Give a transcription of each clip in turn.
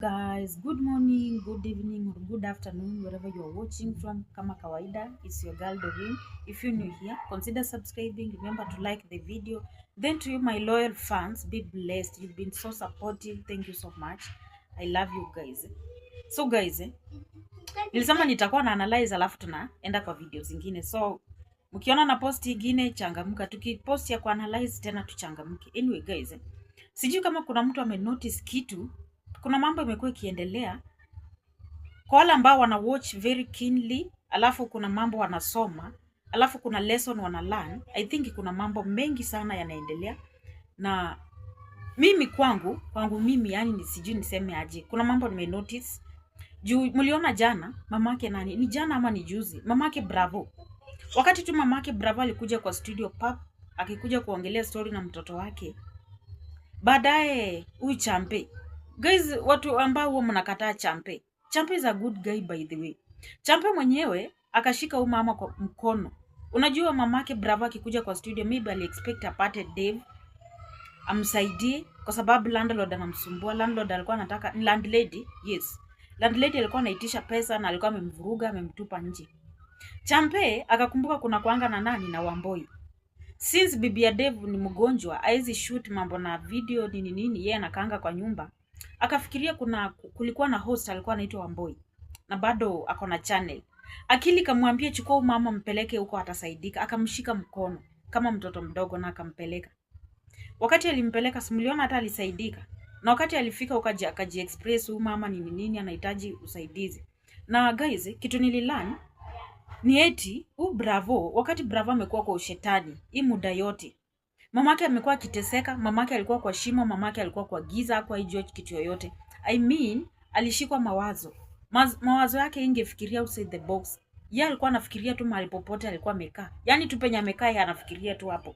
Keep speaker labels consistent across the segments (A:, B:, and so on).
A: guys good morning good evening or good afternoon wherever you are watching from kama kawaida it's your girl Doreen if you're new here consider subscribing remember to like the video then to you my loyal fans be blessed you've been so supportive thank you so much i love you guys so guys eh, nilisema nitakuwa na analyze alafu tunaenda kwa video zingine so mkiona na post ingine changamka tukipost ya kuanalyze tena tuchangamke anyway guys eh, sijui kama kuna mtu ame notice kitu kuna mambo imekuwa ikiendelea kwa wale ambao wana watch very keenly, alafu kuna mambo wanasoma, alafu kuna lesson wana learn. I think kuna mambo mengi sana yanaendelea, na mimi kwangu kwangu mimi yani sijui niseme aje, kuna mambo nime notice juu mliona jana mamake nani ni jana ama ni juzi, mamake Bravo, wakati tu mamake Bravo alikuja kwa studio pap, akikuja kuongelea story na mtoto wake, baadaye huyu Champe Guys, watu ambao huwa mnakataa Champe. Champe is a good guy by the way. Champe mwenyewe akashika huyu mama kwa mkono. Unajua mamake Bravo akikuja kwa studio maybe ali expect apate Dave amsaidie kwa sababu landlord anamsumbua. Landlord alikuwa anataka landlady, yes. Landlady alikuwa anaitisha pesa na alikuwa amemvuruga amemtupa nje. Champe akakumbuka kuna kuanga na nani na Wamboi. Since bibi ya Dave ni mgonjwa, haizi shoot mambo na video nini nini, yeye anakaanga kwa nyumba. Akafikiria kuna kulikuwa na host alikuwa anaitwa Wamboi na bado ako na channel. Akili kamwambia chukua mama mpeleke huko atasaidika. Akamshika mkono kama mtoto mdogo na akampeleka. Wakati alimpeleka simuliona hata alisaidika. Na wakati alifika ukaja akaji express huyu mama ni nini nini anahitaji usaidizi. Na guys, kitu nililani ni eti huu Bravo, wakati Bravo amekuwa kwa ushetani hii muda yote Mamake amekuwa akiteseka, mamake alikuwa kwa shimo, mamake alikuwa kwa giza, hakuwa jua kitu yoyote. I mean, alishikwa mawazo Maz, mawazo yake ingefikiria outside the box. Yeye alikuwa anafikiria tu mahali popote alikuwa amekaa, yaani tu penye amekaa yeye anafikiria tu hapo.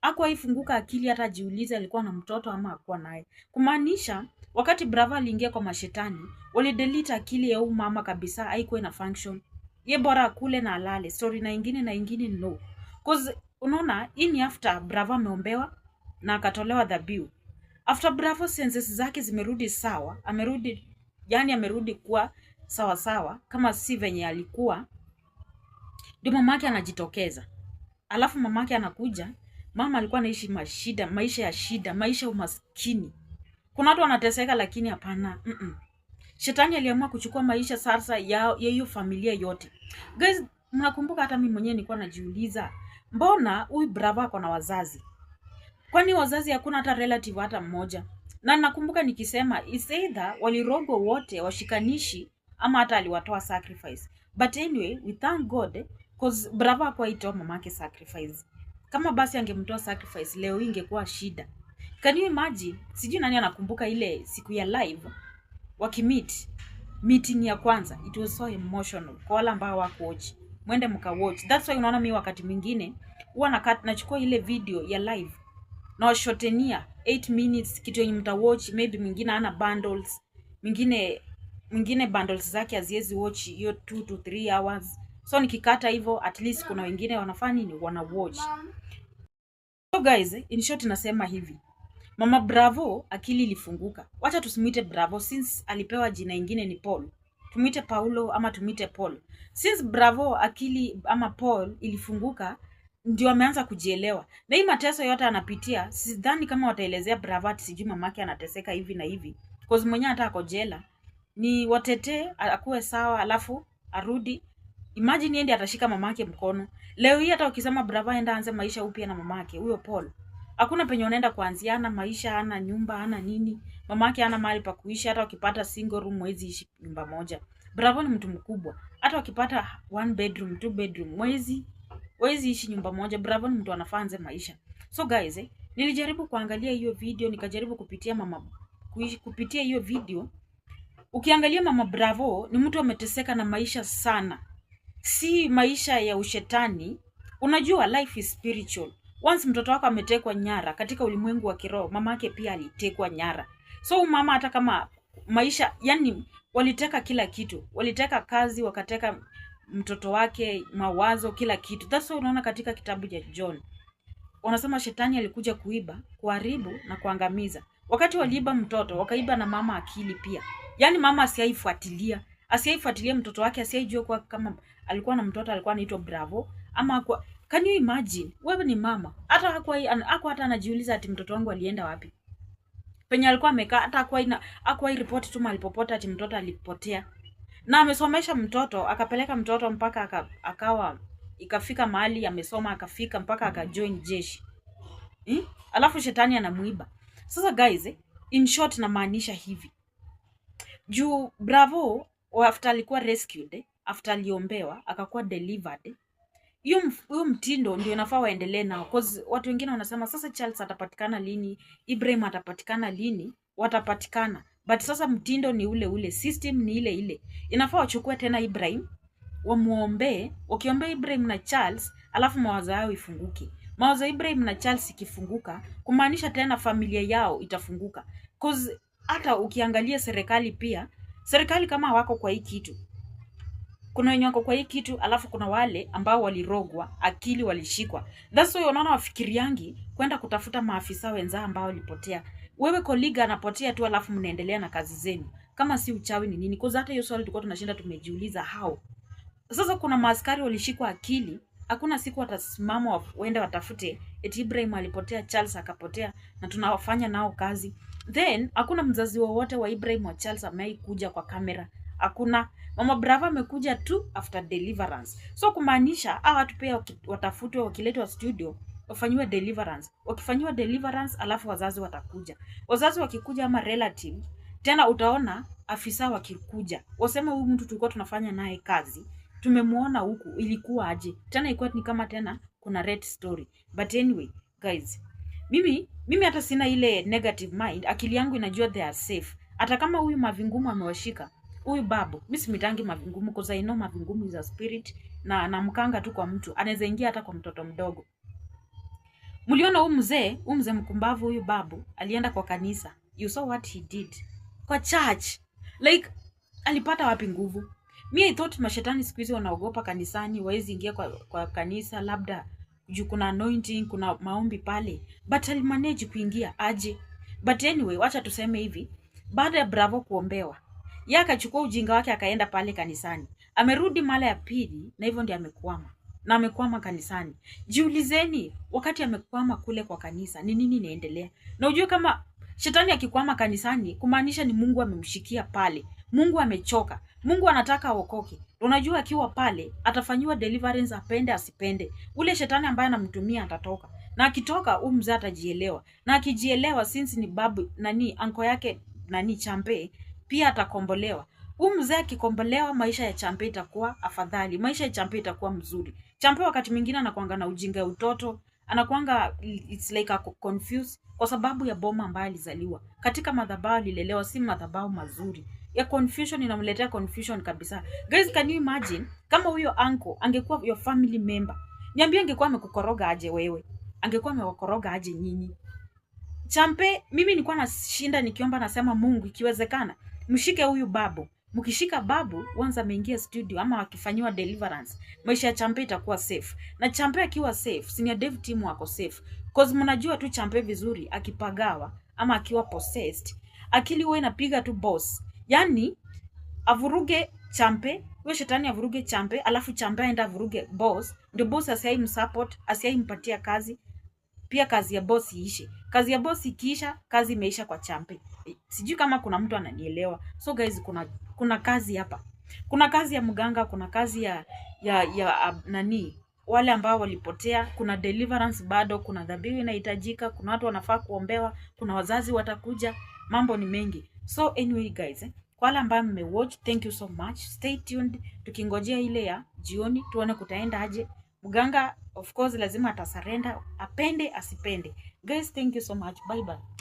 A: Hakuwa ifunguka akili hata jiulize alikuwa na mtoto ama hakuwa naye, kumaanisha wakati brava aliingia kwa mashetani walidelete akili ya huyu mama kabisa, haikuwa na function. Ye bora akule na alale, story na ingine na ingine no. Cause unaona hii ni after Bravo ameombewa na akatolewa dhabihu. After Bravo senses zake zimerudi sawa, amerudi yani amerudi kuwa sawa sawa kama si venye alikuwa, ndio mamake anajitokeza. Alafu mamake anakuja, mama alikuwa anaishi mashida, maisha ya shida, maisha ya umaskini. Kuna watu wanateseka, lakini hapana, mm -mm. Shetani aliamua kuchukua maisha sasa ya hiyo familia yote. Guys, mnakumbuka hata mimi mwenyewe nilikuwa najiuliza mbona huyu bravo ako na wazazi? Kwani wazazi hakuna hata relative hata mmoja? Na nakumbuka nikisema is either walirogo wote washikanishi ama hata aliwatoa sacrifice. But anyway, we thank God cause bravo hakuwa itoa mamake sacrifice. Kama basi angemtoa sacrifice leo hii ingekuwa shida. Can you imagine? Sijui nani anakumbuka ile siku ya live wakimit meeting ya kwanza. It was so emotional kwa wale ambao wakuochi mwende mka watch. That's why unaona mi wakati mwingine huwa nakat, nachukua ile video ya live na washotenia 8 minutes kitu yenye mta watch. Maybe mwingine ana bundles, mwingine mwingine bundles zake haziwezi watch hiyo 2 to 3 hours, so nikikata hivyo at least kuna wengine wanafanya nini, wana watch. So guys, in short nasema hivi Mama Bravo akili ilifunguka. Wacha tusimuite Bravo since alipewa jina ingine ni Paul tumwite paulo ama tumwite paul since bravo akili ama paul ilifunguka ndio ameanza kujielewa na hii mateso yote anapitia sidhani kama wataelezea bravo ati sijui mamake anateseka hivi na hivi cause mwenyewe hata ako jela ni watetee akuwe sawa alafu arudi imagine endi atashika mamake mkono leo hii hata ukisema bravo enda anze maisha upya na mamake huyo paul hakuna penye unaenda kuanzia, hana maisha, hana nyumba, hana nini, Mama yake hana mahali pa kuishi. Hata wakipata single room mwezi ishi nyumba moja. Bravo ni mtu mkubwa, hata wakipata one bedroom, two bedroom mwezi mwezi ishi nyumba moja. Bravo ni mtu anafanze maisha. So guys, eh, nilijaribu kuangalia hiyo video nikajaribu kupitia mama kuishi, kupitia hiyo video ukiangalia mama Bravo ni mtu ameteseka na maisha sana, si maisha ya ushetani. Unajua life is spiritual once mtoto wako ametekwa nyara katika ulimwengu wa kiroho, mama yake pia alitekwa nyara. So mama hata kama maisha yani, waliteka kila kitu, waliteka kazi, wakateka mtoto wake, mawazo, kila kitu. That's why unaona katika kitabu cha John wanasema shetani alikuja kuiba, kuharibu na kuangamiza. Wakati waliiba mtoto, wakaiba na mama akili pia. Yani mama asiaifuatilia asiaifuatilia mtoto wake, asiaijua kwa kama alikuwa na mtoto alikuwa anaitwa Bravo ama kwa, Can you imagine? Wewe ni mama, hata hakuwa hakuwa hata anajiuliza ati mtoto wangu alienda wapi. Penye alikuwa amekaa hata hakuwa hakuwa ripoti tu mahali popote ati mtoto alipotea. Na amesomesha mtoto, akapeleka mtoto mpaka aka, akawa ikafika mahali amesoma akafika mpaka akajoin jeshi. Hmm? Alafu shetani anamuiba. Sasa guys, eh, in short namaanisha hivi. Juu Bravo after alikuwa rescued, eh, after aliombewa, akakuwa delivered eh, hiyo mtindo ndio nafaa waendelee nao, cause watu wengine wanasema sasa Charles atapatikana lini, Ibrahim atapatikana lini? Watapatikana, but sasa mtindo ni ule ule, system ni ile ile. Inafaa wachukue tena Ibrahim wamuombee, wakiombea Ibrahim na Charles, alafu mawazo yao ifunguke. Mawazo ya Ibrahim na Charles ikifunguka, kumaanisha tena familia yao itafunguka, cause hata ukiangalia serikali pia, serikali kama wako kwa hii kitu kuna wenye wako kwa hii kitu, alafu kuna wale ambao walirogwa akili, walishikwa. That's why unaona wafikiriangi kwenda kutafuta maafisa wenzao ambao walipotea. Wewe koliga anapotea tu, alafu mnaendelea na kazi zenu. Kama si uchawi ni nini? Cause hata hiyo swali tulikuwa tunashinda tumejiuliza hao. Sasa kuna maaskari walishikwa akili, hakuna siku watasimama waende watafute eti Ibrahim alipotea, Charles akapotea, na tunawafanya nao kazi. Then hakuna mzazi wowote wa, wa Ibrahim wa Charles amewahi kuja kwa kamera hakuna mama brava amekuja tu after deliverance so kumaanisha hawa watu pia watafutwe wakiletwa studio wafanyiwe deliverance wakifanyiwa deliverance alafu wazazi watakuja wazazi wakikuja ama relative tena utaona afisa wakikuja waseme huyu mtu tulikuwa tunafanya naye kazi tumemwona huku ilikuwa aje tena ilikuwa ni kama tena kuna red story but anyway guys mimi mimi hata sina ile negative mind akili yangu inajua they are safe hata kama huyu mavingumu amewashika huyu babu mi simitangi mavingumu kuzaino mavingumu za spirit na namkanga tu kwa mtu anaweza ingia hata kwa mtoto mdogo mliona huyu mzee huyu mzee mkumbavu huyu babu alienda kwa kanisa you saw what he did kwa church like alipata wapi nguvu mi i thought mashetani siku hizi wanaogopa kanisani waezi ingia kwa, kwa kanisa labda juu kuna anointing kuna maombi pale but alimanage kuingia aje but anyway wacha tuseme hivi baada ya bravo kuombewa yeye akachukua ujinga wake akaenda pale kanisani, amerudi mara ya pili, na hivyo ndio amekwama na amekwama kanisani. Jiulizeni, wakati amekwama kule kwa kanisa, ni nini inaendelea? Na ujue kama shetani akikwama kanisani, kumaanisha ni Mungu amemshikia pale, Mungu amechoka, Mungu anataka aokoke. Unajua, akiwa pale atafanyiwa deliverance, apende asipende, ule shetani ambaye anamtumia atatoka, na akitoka huyu mzee atajielewa, na akijielewa, since ni babu nani anko yake nani champe pia atakombolewa. Huu mzee akikombolewa, maisha ya Champe itakuwa afadhali, maisha ya Champe itakuwa mzuri. Champe wakati mwingine anakuanga na ujinga ya utoto, anakuanga it's like confused kwa sababu ya boma ambayo alizaliwa katika madhabahu, alilelewa si madhabahu mazuri ya confusion inamletea confusion kabisa. Guys, can you imagine kama huyo uncle angekuwa your family member? Niambie angekuwa amekukoroga aje wewe? Angekuwa amewakoroga aje nyinyi? Champe, mimi nilikuwa nashinda nikiomba nasema Mungu, ikiwezekana mshike huyu babu. Mkishika babu once ameingia studio ama wakifanyiwa deliverance, maisha ya Champe itakuwa safe, na Champe akiwa safe, senior dev team wako safe, cause mnajua tu Champe vizuri, akipagawa ama akiwa possessed, akili huwa inapiga tu boss, yani avuruge Champe huyo shetani avuruge Champe, alafu Champe aenda avuruge boss, ndio boss asiai msupport asiai mpatia kazi, pia kazi ya boss iishe. Kazi ya boss ikiisha, kazi imeisha kwa Champe sijui kama kuna mtu ananielewa so guys kuna kuna kazi hapa kuna kazi ya mganga kuna kazi ya ya ya nani wale ambao walipotea kuna deliverance bado kuna dhabihu inahitajika kuna watu wanafaa kuombewa kuna wazazi watakuja mambo ni mengi so anyway guys eh, kwa wale ambao mmewatch thank you so much stay tuned tukingojea ile ya jioni tuone kutaenda aje mganga of course lazima atasarenda apende asipende guys thank you so much bye bye